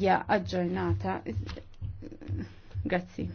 hija aġġornata. Grazzi.